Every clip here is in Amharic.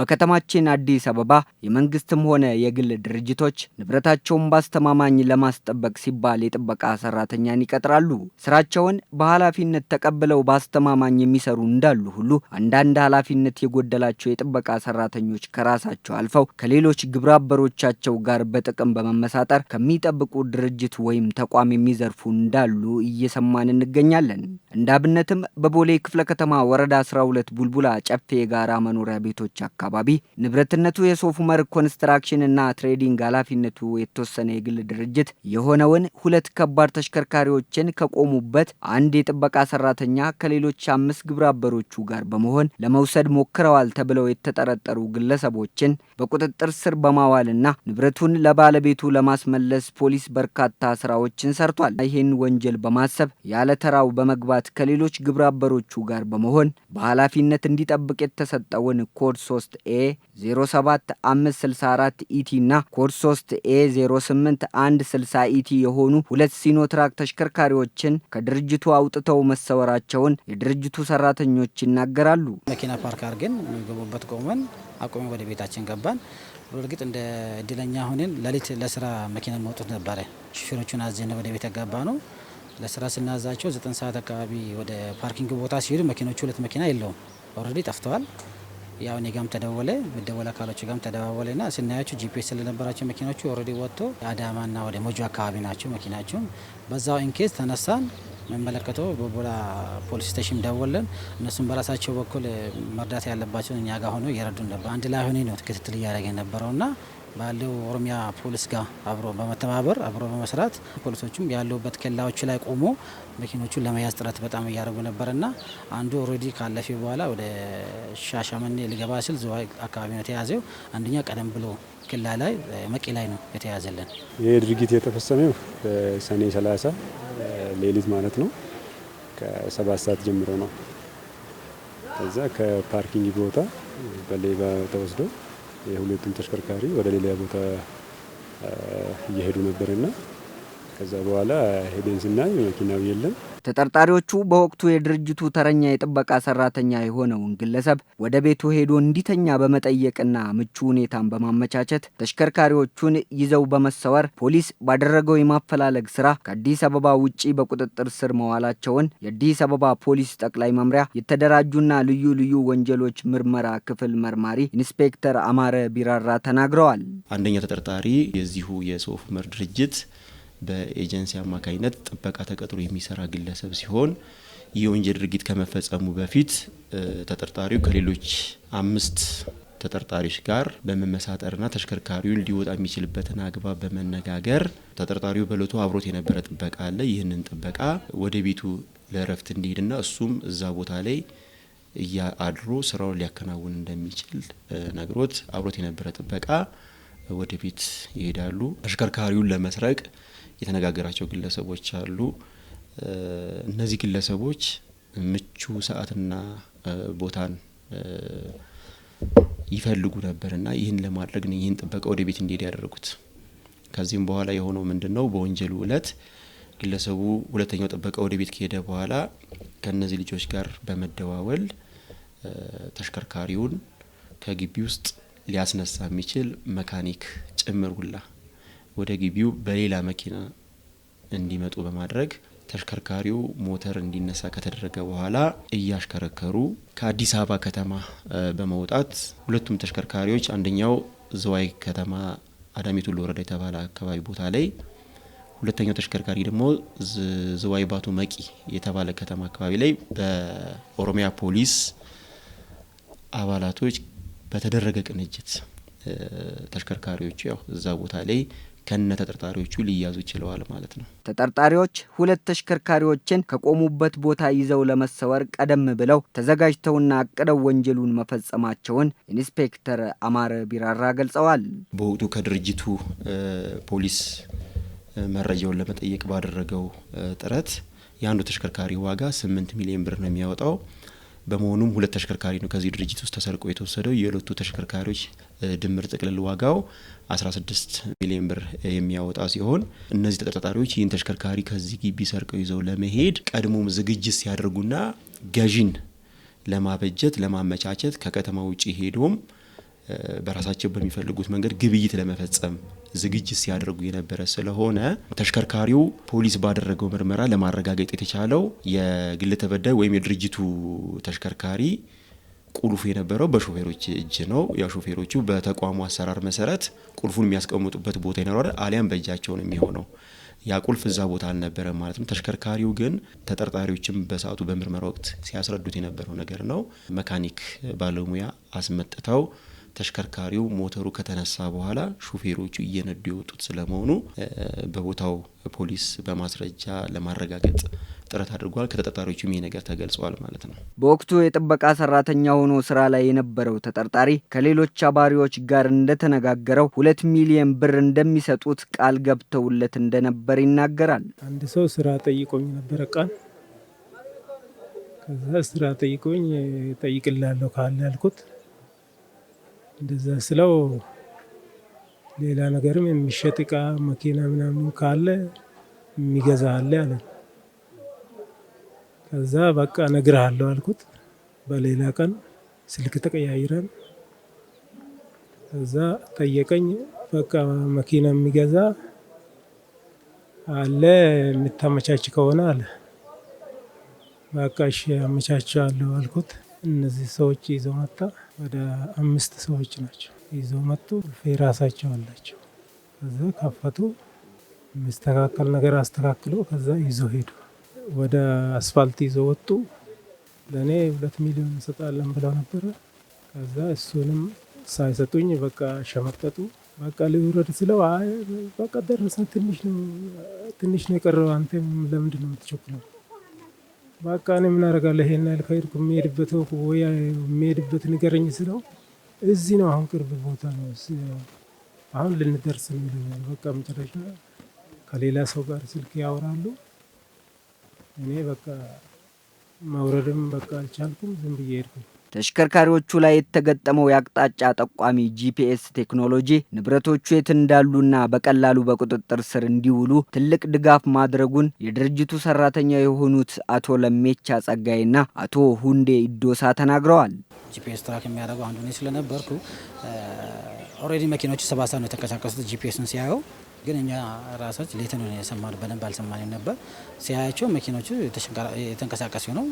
በከተማችን አዲስ አበባ የመንግስትም ሆነ የግል ድርጅቶች ንብረታቸውን በአስተማማኝ ለማስጠበቅ ሲባል የጥበቃ ሰራተኛን ይቀጥራሉ። ስራቸውን በኃላፊነት ተቀብለው በአስተማማኝ የሚሰሩ እንዳሉ ሁሉ አንዳንድ ኃላፊነት የጎደላቸው የጥበቃ ሰራተኞች ከራሳቸው አልፈው ከሌሎች ግብራበሮቻቸው ጋር በጥቅም በመመሳጠር ከሚጠብቁ ድርጅት ወይም ተቋም የሚዘርፉ እንዳሉ እየሰማን እንገኛለን። እንደ አብነትም በቦሌ ክፍለ ከተማ ወረዳ 12 ቡልቡላ ጨፌ የጋራ መኖሪያ ቤቶች አካባቢ አካባቢ ንብረትነቱ የሶፉመር ኮንስትራክሽን እና ትሬዲንግ ኃላፊነቱ የተወሰነ የግል ድርጅት የሆነውን ሁለት ከባድ ተሽከርካሪዎችን ከቆሙበት አንድ የጥበቃ ሰራተኛ ከሌሎች አምስት ግብረ አበሮቹ ጋር በመሆን ለመውሰድ ሞክረዋል ተብለው የተጠረጠሩ ግለሰቦችን በቁጥጥር ስር በማዋልና ንብረቱን ለባለቤቱ ለማስመለስ ፖሊስ በርካታ ስራዎችን ሰርቷል። ይህን ወንጀል በማሰብ ያለ ተራው በመግባት ከሌሎች ግብረ አበሮቹ ጋር በመሆን በኃላፊነት እንዲጠብቅ የተሰጠውን ኮድ 3 ኤ 07564 ኢቲ እና ኮድ 3 ኤ 08160 ኢቲ የሆኑ ሁለት ሲኖትራክ ተሽከርካሪዎችን ከድርጅቱ አውጥተው መሰወራቸውን የድርጅቱ ሰራተኞች ይናገራሉ። መኪና ፓርክ አድርገን ገቡበት ቆመን አቁመን ወደ ቤታችን ገባን። እርግጥ እንደ እድለኛ ሆነን ለሊት ለስራ መኪና መውጡት ነበረ። ሹፌሮቹን አዘነ ወደ ቤት ገባ ነው ለስራ ስናዛቸው ዘጠኝ ሰዓት አካባቢ ወደ ፓርኪንግ ቦታ ሲሄዱ መኪኖቹ ሁለት መኪና የለውም ኦልሬዲ ጠፍተዋል። ያው እኔ ጋም ተደወለ መደወል አካሎች ጋም ተደባበለ ና ስናያቸው ጂፒኤስ ስለነበራቸው መኪናዎቹ ኦልሬዲ ወጥቶ አዳማ ና ወደ ሞጆ አካባቢ ናቸው መኪናቸውም። በዛው ኢንኬስ ተነሳን መመለከተው በቦላ ፖሊስ ስቴሽን ደወለን። እነሱም በራሳቸው በኩል መርዳት ያለባቸውን እኛ ጋር ሆኖ እየረዱን ነበር። አንድ ላይ ሆኔ ነው ክትትል እያደረገ የነበረው ና ባለው ኦሮሚያ ፖሊስ ጋር አብሮ በመተባበር አብሮ በመስራት ፖሊሶቹም ያለውበት ኬላዎች ላይ ቆሞ መኪኖቹን ለመያዝ ጥረት በጣም እያደረጉ ነበርና አንዱ ኦልሬዲ ካለፈ በኋላ ወደ ሻሸመኔ ልገባ ስል ዝዋይ አካባቢ ነው የተያዘው። አንደኛ ቀደም ብሎ ኬላ ላይ መቂ ላይ ነው የተያዘልን። ይህ ድርጊት የተፈጸመው ሰኔ 30 ሌሊት ማለት ነው ከሰባት ሰዓት ጀምሮ ነው። ከዛ ከፓርኪንግ ቦታ በሌባ ተወስዶ የሁለቱም ተሽከርካሪ ወደ ሌላ ቦታ እየሄዱ ነበርና ከዛ በኋላ ሄደን ስናይ መኪናው የለም። ተጠርጣሪዎቹ በወቅቱ የድርጅቱ ተረኛ የጥበቃ ሰራተኛ የሆነውን ግለሰብ ወደ ቤቱ ሄዶ እንዲተኛ በመጠየቅና ምቹ ሁኔታን በማመቻቸት ተሽከርካሪዎቹን ይዘው በመሰወር ፖሊስ ባደረገው የማፈላለግ ስራ ከአዲስ አበባ ውጪ በቁጥጥር ስር መዋላቸውን የአዲስ አበባ ፖሊስ ጠቅላይ መምሪያ የተደራጁና ልዩ ልዩ ወንጀሎች ምርመራ ክፍል መርማሪ ኢንስፔክተር አማረ ቢራራ ተናግረዋል። አንደኛው ተጠርጣሪ የዚሁ የሶፍ ዑመር ድርጅት በኤጀንሲ አማካኝነት ጥበቃ ተቀጥሮ የሚሰራ ግለሰብ ሲሆን ይህ ወንጀል ድርጊት ከመፈጸሙ በፊት ተጠርጣሪው ከሌሎች አምስት ተጠርጣሪዎች ጋር በመመሳጠርና ተሽከርካሪውን ሊወጣ የሚችልበትን አግባብ በመነጋገር ተጠርጣሪው በለቱ አብሮት የነበረ ጥበቃ አለ። ይህንን ጥበቃ ወደ ቤቱ ለእረፍት እንዲሄድና እሱም እዛ ቦታ ላይ እያአድሮ ስራውን ሊያከናውን እንደሚችል ነግሮት አብሮት የነበረ ጥበቃ ወደፊት ይሄዳሉ። ተሽከርካሪውን ለመስረቅ የተነጋገራቸው ግለሰቦች አሉ። እነዚህ ግለሰቦች ምቹ ሰዓትና ቦታን ይፈልጉ ነበር እና ይህን ለማድረግ ነው ይህን ጥበቃ ወደ ቤት እንዲሄድ ያደረጉት። ከዚህም በኋላ የሆነው ምንድን ነው? በወንጀሉ እለት ግለሰቡ ሁለተኛው ጥበቃ ወደ ቤት ከሄደ በኋላ ከእነዚህ ልጆች ጋር በመደዋወል ተሽከርካሪውን ከግቢ ውስጥ ሊያስነሳ የሚችል መካኒክ ጭምር ሁላ ወደ ግቢው በሌላ መኪና እንዲመጡ በማድረግ ተሽከርካሪው ሞተር እንዲነሳ ከተደረገ በኋላ እያሽከረከሩ ከአዲስ አበባ ከተማ በመውጣት ሁለቱም ተሽከርካሪዎች አንደኛው ዝዋይ ከተማ አዳሚ ወረዳ የተባለ አካባቢ ቦታ ላይ፣ ሁለተኛው ተሽከርካሪ ደግሞ ዝዋይ ባቱ መቂ የተባለ ከተማ አካባቢ ላይ በኦሮሚያ ፖሊስ አባላቶች በተደረገ ቅንጅት ተሽከርካሪዎቹ ያው እዛ ቦታ ላይ ከነ ተጠርጣሪዎቹ ሊያዙ ችለዋል ማለት ነው። ተጠርጣሪዎች ሁለት ተሽከርካሪዎችን ከቆሙበት ቦታ ይዘው ለመሰወር ቀደም ብለው ተዘጋጅተውና አቅደው ወንጀሉን መፈጸማቸውን ኢንስፔክተር አማረ ቢራራ ገልጸዋል። በወቅቱ ከድርጅቱ ፖሊስ መረጃውን ለመጠየቅ ባደረገው ጥረት የአንዱ ተሽከርካሪ ዋጋ ስምንት ሚሊዮን ብር ነው የሚያወጣው በመሆኑም ሁለት ተሽከርካሪ ነው ከዚህ ድርጅት ውስጥ ተሰርቆ የተወሰደው። የሁለቱ ተሽከርካሪዎች ድምር ጥቅልል ዋጋው 16 ሚሊዮን ብር የሚያወጣ ሲሆን እነዚህ ተጠርጣሪዎች ይህን ተሽከርካሪ ከዚህ ግቢ ሰርቀው ይዘው ለመሄድ ቀድሞም ዝግጅት ሲያደርጉና ገዢን ለማበጀት ለማመቻቸት ከከተማ ውጭ ሄዶም በራሳቸው በሚፈልጉት መንገድ ግብይት ለመፈጸም ዝግጅት ሲያደርጉ የነበረ ስለሆነ ተሽከርካሪው ፖሊስ ባደረገው ምርመራ ለማረጋገጥ የተቻለው የግል ተበዳይ ወይም የድርጅቱ ተሽከርካሪ ቁልፉ የነበረው በሾፌሮች እጅ ነው። ያ ሾፌሮቹ በተቋሙ አሰራር መሰረት ቁልፉን የሚያስቀምጡበት ቦታ ይኖራል፣ አሊያም በእጃቸው ነው የሚሆነው። ያ ቁልፍ እዛ ቦታ አልነበረም ማለት ነው። ተሽከርካሪው ግን ተጠርጣሪዎችም በሰዓቱ በምርመራ ወቅት ሲያስረዱት የነበረው ነገር ነው። መካኒክ ባለሙያ አስመጥተው ተሽከርካሪው ሞተሩ ከተነሳ በኋላ ሹፌሮቹ እየነዱ የወጡት ስለመሆኑ በቦታው ፖሊስ በማስረጃ ለማረጋገጥ ጥረት አድርጓል። ከተጠርጣሪዎቹም ይህ ነገር ተገልጿል ማለት ነው። በወቅቱ የጥበቃ ሰራተኛ ሆኖ ስራ ላይ የነበረው ተጠርጣሪ ከሌሎች አባሪዎች ጋር እንደተነጋገረው ሁለት ሚሊየን ብር እንደሚሰጡት ቃል ገብተውለት እንደነበር ይናገራል። አንድ ሰው ስራ ጠይቆኝ ነበረ ቃል ከዛ ስራ ጠይቆኝ ጠይቅላለሁ ካለ ያልኩት እንደዛ ስለው ሌላ ነገርም የሚሸጥ እቃ መኪና ምናምን ካለ የሚገዛ አለ አለ። ከዛ በቃ እነግርሃለሁ አልኩት። በሌላ ቀን ስልክ ተቀያይረን ከዛ ጠየቀኝ። በቃ መኪና የሚገዛ አለ የምታመቻች ከሆነ አለ። በቃ እሺ አመቻቻለሁ አልኩት። እነዚህ ሰዎች ይዘው መጣ። ወደ አምስት ሰዎች ናቸው ይዘው መጡ። ቁልፍ ራሳቸው አላቸው። ከዛ ከፈቱ። የሚስተካከል ነገር አስተካክሎ ከዛ ይዞ ሄዱ። ወደ አስፋልት ይዘው ወጡ። ለእኔ ሁለት ሚሊዮን እንሰጣለን ብለው ነበረ። ከዛ እሱንም ሳይሰጡኝ በቃ ሸመጠጡ። በቃ ልውረድ ስለው በቃ ደረሰ። ትንሽ ነው የቀረው፣ አንተ ለምንድን ነው የምትቸኩለው? በቃ እኔ ምን አደርጋለሁ ይሄን ያህል ከሄድኩ የምሄድበት ወይ የምሄድበት ንገረኝ ስለው እዚህ ነው አሁን ቅርብ ቦታ ነው አሁን ልንደርስ ነው ይለኛል። በቃ መጨረሻ ከሌላ ሰው ጋር ስልክ ያወራሉ። እኔ በቃ መውረድም በቃ አልቻልኩም፣ ዝም ብዬ ሄድኩኝ። ተሽከርካሪዎቹ ላይ የተገጠመው የአቅጣጫ ጠቋሚ ጂፒኤስ ቴክኖሎጂ ንብረቶቹ የት እንዳሉና በቀላሉ በቁጥጥር ስር እንዲውሉ ትልቅ ድጋፍ ማድረጉን የድርጅቱ ሰራተኛ የሆኑት አቶ ለሜቻ ጸጋይና አቶ ሁንዴ ኢዶሳ ተናግረዋል። ጂፒኤስ ትራክ የሚያደርገው አንዱ እኔ ስለነበርኩ ኦልሬዲ መኪኖች ሰባሳ ነው የተንቀሳቀሱት። ጂፒኤስን ሲያየው ግን እኛ ራሳች ሌት የሰማ በደንብ አልሰማንም ነበር። ሲያያቸው መኪኖቹ የተንቀሳቀሱ ነው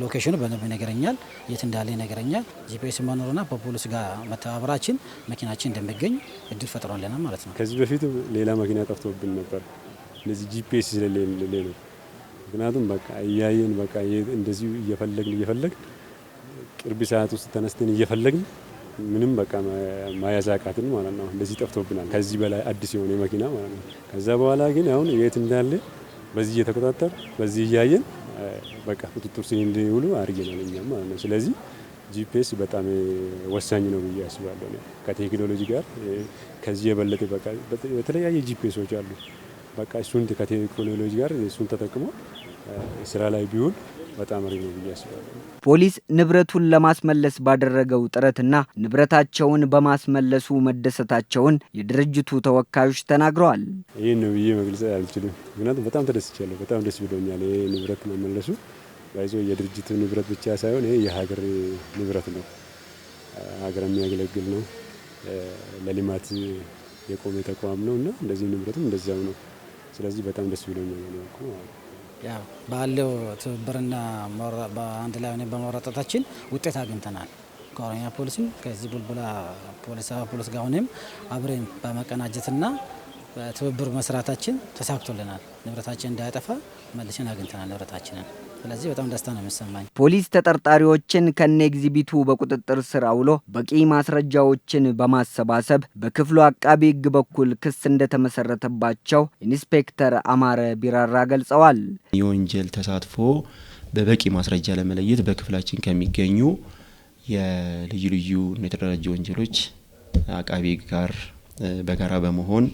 ሎኬሽኑ በደንብ ይነግረኛል፣ የት እንዳለ ይነግረኛል። ጂፒኤስ መኖርና በፖሊስ ጋር መተባበራችን መኪናችን እንደሚገኝ እድል ፈጥሮልናል ማለት ነው። ከዚህ በፊት ሌላ መኪና ጠፍቶብን ነበር፣ እነዚህ ጂፒኤስ ስለሌለ ነው። ምክንያቱም በቃ እያየን በቃ እንደዚሁ እየፈለግን እየፈለግን ቅርብ ሰዓት ውስጥ ተነስተን እየፈለግን ምንም በቃ መያዝ አቃትን ማለት ነው። እንደዚህ ጠፍቶብናል፣ ከዚህ በላይ አዲስ የሆነ መኪና ማለት ነው። ከዛ በኋላ ግን አሁን የት እንዳለ በዚህ እየተቆጣጠር በዚህ እያየን በቃ ቁጥጥር ስር እንዲውሉ አድርገናል እኛም ማለት ነው። ስለዚህ ጂፒኤስ በጣም ወሳኝ ነው ብዬ አስባለሁ። ከቴክኖሎጂ ጋር ከዚህ የበለጠ በቃ የተለያየ ጂፒኤሶች አሉ። በቃ እሱን ከቴክኖሎጂ ጋር እሱን ተጠቅሞ ስራ ላይ ቢውል በጣም ሪ ነው ብዬ አስባለሁ። ፖሊስ ንብረቱን ለማስመለስ ባደረገው ጥረትና ንብረታቸውን በማስመለሱ መደሰታቸውን የድርጅቱ ተወካዮች ተናግረዋል። ይህን ነው ብዬ መግለጽ አልችልም፣ ምክንያቱም በጣም ተደስቻለሁ። በጣም ደስ ብሎኛል። ይህ ንብረት መመለሱ ባይዞ የድርጅቱ ንብረት ብቻ ሳይሆን ይህ የሀገር ንብረት ነው። ሀገር የሚያገለግል ነው። ለልማት የቆመ ተቋም ነው እና እንደዚህ ንብረቱም እንደዚያው ነው። ስለዚህ በጣም ደስ ብሎኛል። ያው ባለው ትብብርና በአንድ ላይ ሆነን በመረጠታችን ውጤት አግኝተናል። ከኦሮሚያ ፖሊስም ከዚህ ቡልቡላ ፖሊስ ፖሊስ ጋር ሆነም አብረን በመቀናጀትና በትብብር መስራታችን ተሳክቶልናል። ንብረታችን እንዳያጠፋ መልሰን አግኝተናል ንብረታችንን። ስለዚህ በጣም ደስታ ነው የሚሰማኝ። ፖሊስ ተጠርጣሪዎችን ከነ ኤግዚቢቱ በቁጥጥር ስር አውሎ በቂ ማስረጃዎችን በማሰባሰብ በክፍሉ አቃቢ ሕግ በኩል ክስ እንደተመሰረተባቸው ኢንስፔክተር አማረ ቢራራ ገልጸዋል። የወንጀል ተሳትፎ በበቂ ማስረጃ ለመለየት በክፍላችን ከሚገኙ የልዩ ልዩ የተደራጀ ወንጀሎች አቃቢ ሕግ ጋር በጋራ በመሆን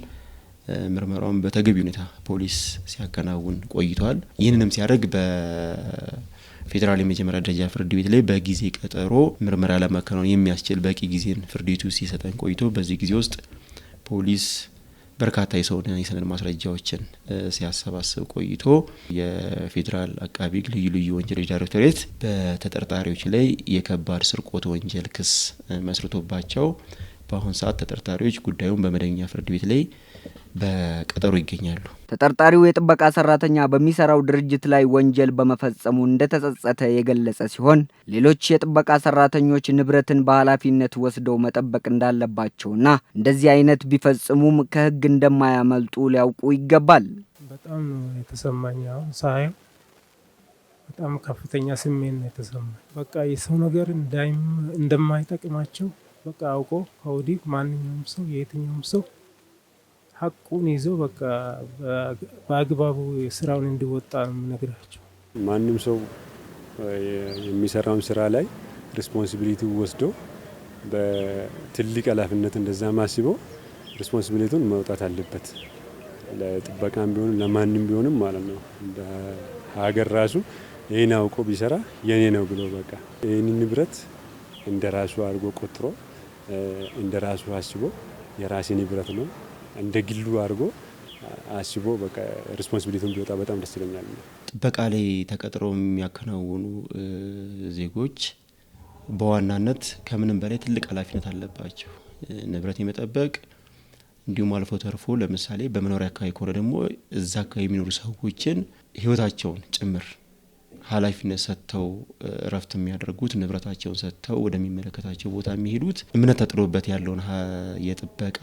ምርመራውን በተገቢ ሁኔታ ፖሊስ ሲያከናውን ቆይቷል። ይህንንም ሲያደርግ በፌዴራል የመጀመሪያ ደረጃ ፍርድ ቤት ላይ በጊዜ ቀጠሮ ምርመራ ለማከናወን የሚያስችል በቂ ጊዜን ፍርድ ቤቱ ሲሰጠን ቆይቶ በዚህ ጊዜ ውስጥ ፖሊስ በርካታ የሰውን የሰነድ ማስረጃዎችን ሲያሰባስብ ቆይቶ የፌዴራል አቃቢ ልዩ ልዩ ወንጀሎች ዳይሬክቶሬት በተጠርጣሪዎች ላይ የከባድ ስርቆት ወንጀል ክስ መስርቶባቸው በአሁኑ ሰዓት ተጠርጣሪዎች ጉዳዩን በመደበኛ ፍርድ ቤት ላይ በቀጠሮ ይገኛሉ። ተጠርጣሪው የጥበቃ ሰራተኛ በሚሰራው ድርጅት ላይ ወንጀል በመፈጸሙ እንደተጸጸተ የገለጸ ሲሆን ሌሎች የጥበቃ ሰራተኞች ንብረትን በኃላፊነት ወስደው መጠበቅ እንዳለባቸውና እንደዚህ አይነት ቢፈጽሙም ከሕግ እንደማያመልጡ ሊያውቁ ይገባል። በጣም ነው የተሰማኝ። አሁን ሳየው በጣም ከፍተኛ ስሜት ነው የተሰማኝ። በቃ የሰው ነገር እንደማይጠቅማቸው በቃ አውቆ ከወዲህ ማንኛውም ሰው የየትኛውም ሰው ሀቁን ይዘው በቃ በአግባቡ ስራውን እንዲወጣ ነው የምነግራቸው። ማንም ሰው የሚሰራውን ስራ ላይ ሪስፖንሲቢሊቲ ወስዶ በትልቅ ኃላፊነት እንደዛ ማስበው ሪስፖንሲቢሊቲውን መውጣት አለበት። ለጥበቃም ቢሆንም ለማንም ቢሆንም ማለት ነው። በሀገር ራሱ ይህን አውቆ ቢሰራ የኔ ነው ብሎ በቃ ይህን ንብረት እንደ ራሱ አድርጎ ቆጥሮ እንደ ራሱ አስቦ የራሴ ንብረት ነው እንደ ግሉ አድርጎ አስቦ በቃ ሪስፖንሲቢሊቲውን ቢወጣ በጣም ደስ ይለኛል። ጥበቃ ላይ ተቀጥረው የሚያከናውኑ ዜጎች በዋናነት ከምንም በላይ ትልቅ ኃላፊነት አለባቸው። ንብረት የመጠበቅ እንዲሁም አልፎ ተርፎ ለምሳሌ በመኖሪያ አካባቢ ከሆነ ደግሞ እዛ አካባቢ የሚኖሩ ሰዎችን ህይወታቸውን ጭምር ኃላፊነት ሰጥተው እረፍት የሚያደርጉት ንብረታቸውን ሰጥተው ወደሚመለከታቸው ቦታ የሚሄዱት እምነት ተጥሎበት ያለውን የጥበቃ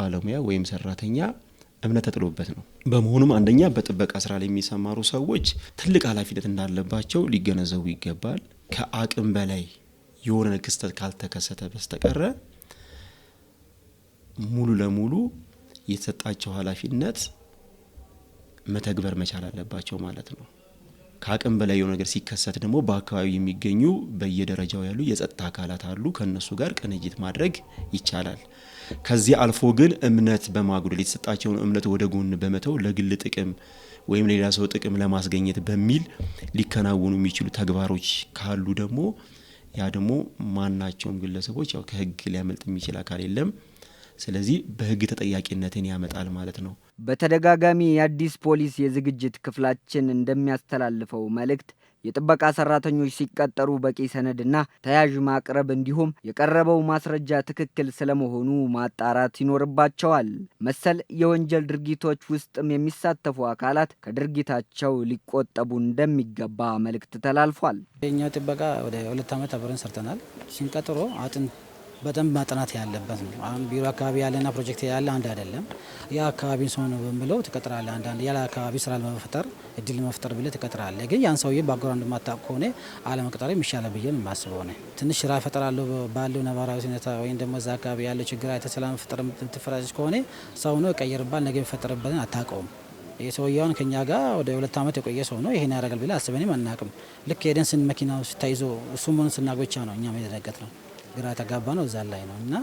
ባለሙያ ወይም ሰራተኛ እምነት ተጥሎበት ነው። በመሆኑም አንደኛ በጥበቃ ስራ ላይ የሚሰማሩ ሰዎች ትልቅ ኃላፊነት እንዳለባቸው ሊገነዘቡ ይገባል። ከአቅም በላይ የሆነ ክስተት ካልተከሰተ በስተቀረ ሙሉ ለሙሉ የተሰጣቸው ኃላፊነት መተግበር መቻል አለባቸው ማለት ነው። ከአቅም በላይ የሆነ ነገር ሲከሰት ደግሞ በአካባቢ የሚገኙ በየደረጃው ያሉ የጸጥታ አካላት አሉ። ከእነሱ ጋር ቅንጅት ማድረግ ይቻላል። ከዚህ አልፎ ግን እምነት በማጉደል የተሰጣቸውን እምነት ወደ ጎን በመተው ለግል ጥቅም ወይም ሌላ ሰው ጥቅም ለማስገኘት በሚል ሊከናወኑ የሚችሉ ተግባሮች ካሉ ደግሞ ያ ደግሞ ማናቸውም ግለሰቦች ያው ከህግ ሊያመልጥ የሚችል አካል የለም። ስለዚህ በህግ ተጠያቂነትን ያመጣል ማለት ነው። በተደጋጋሚ የአዲስ ፖሊስ የዝግጅት ክፍላችን እንደሚያስተላልፈው መልእክት የጥበቃ ሰራተኞች ሲቀጠሩ በቂ ሰነድና ተያዥ ማቅረብ እንዲሁም የቀረበው ማስረጃ ትክክል ስለመሆኑ ማጣራት ይኖርባቸዋል። መሰል የወንጀል ድርጊቶች ውስጥም የሚሳተፉ አካላት ከድርጊታቸው ሊቆጠቡ እንደሚገባ መልእክት ተላልፏል። የእኛው ጥበቃ ወደ ሁለት ዓመት አብረን ሰርተናል። ሲንቀጥሮ አጥንት በደንብ ማጥናት ያለበት ነው። አሁን ቢሮ አካባቢ ያለና ፕሮጀክት ያለ አንድ አይደለም። ያ አካባቢን ሰው ነው ብለው ትቀጥራለ። አንዳንድ ያለ አካባቢ ስራ ለመፍጠር እድል ለመፍጠር ብለ ትቀጥራለ። ግን ያን ሰውዬ ባክግራውንድ ማታቅ ከሆነ አለመቅጠር የሚሻለ ብዬ የማስበው ነው። ትንሽ ስራ እፈጥራለሁ ባለው ነባራዊ ሁኔታ ወይም ደግሞ እዛ አካባቢ ያለው ችግር አይተ ሰላም መፍጠር የምትፈራጅ ከሆነ ሰው ነው ይቀየርባል። ነገ የሚፈጠርበትን አታውቀውም። የሰውየውን ከኛ ጋር ወደ ሁለት ዓመት የቆየ ሰው ነው። ይሄን ያደርጋል ብለ አስበንም አናቅም። ልክ ሄደን ስን መኪናው ስታይዞ እሱም ሆነ ስናውቅ ነው እኛም ነው። ግራ ተጋባ ነው እዛ ላይ ነው እና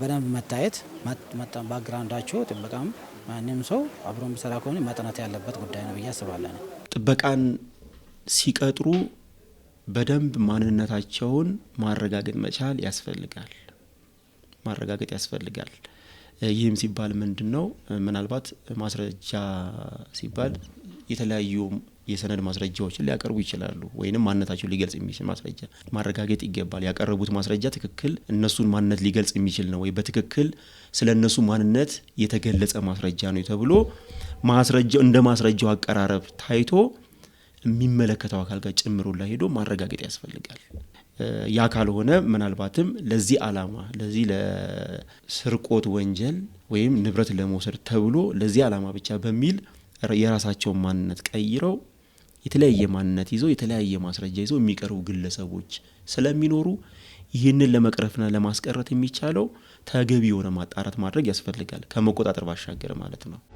በደንብ መታየት ባክግራውንዳቸው ጥበቃም ማንም ሰው አብሮ የሚሰራ ከሆነ መጥናት ያለበት ጉዳይ ነው ብዬ አስባለሁ። ጥበቃን ሲቀጥሩ በደንብ ማንነታቸውን ማረጋገጥ መቻል ያስፈልጋል ማረጋገጥ ያስፈልጋል። ይህም ሲባል ምንድን ነው? ምናልባት ማስረጃ ሲባል የተለያዩ የሰነድ ማስረጃዎችን ሊያቀርቡ ይችላሉ፣ ወይንም ማነታቸው ሊገልጽ የሚችል ማስረጃ ማረጋገጥ ይገባል። ያቀረቡት ማስረጃ ትክክል እነሱን ማንነት ሊገልጽ የሚችል ነው ወይ፣ በትክክል ስለ እነሱ ማንነት የተገለጸ ማስረጃ ነው ተብሎ ማስረጃው እንደ ማስረጃው አቀራረብ ታይቶ የሚመለከተው አካል ጋር ጭምሩን ላይ ሄዶ ማረጋገጥ ያስፈልጋል። ያ ካልሆነ ምናልባትም ለዚህ አላማ ለዚህ ለስርቆት ወንጀል ወይም ንብረት ለመውሰድ ተብሎ ለዚህ አላማ ብቻ በሚል የራሳቸውን ማንነት ቀይረው የተለያየ ማንነት ይዘው የተለያየ ማስረጃ ይዘው የሚቀርቡ ግለሰቦች ስለሚኖሩ ይህንን ለመቅረፍና ለማስቀረት የሚቻለው ተገቢ የሆነ ማጣራት ማድረግ ያስፈልጋል፣ ከመቆጣጠር ባሻገር ማለት ነው።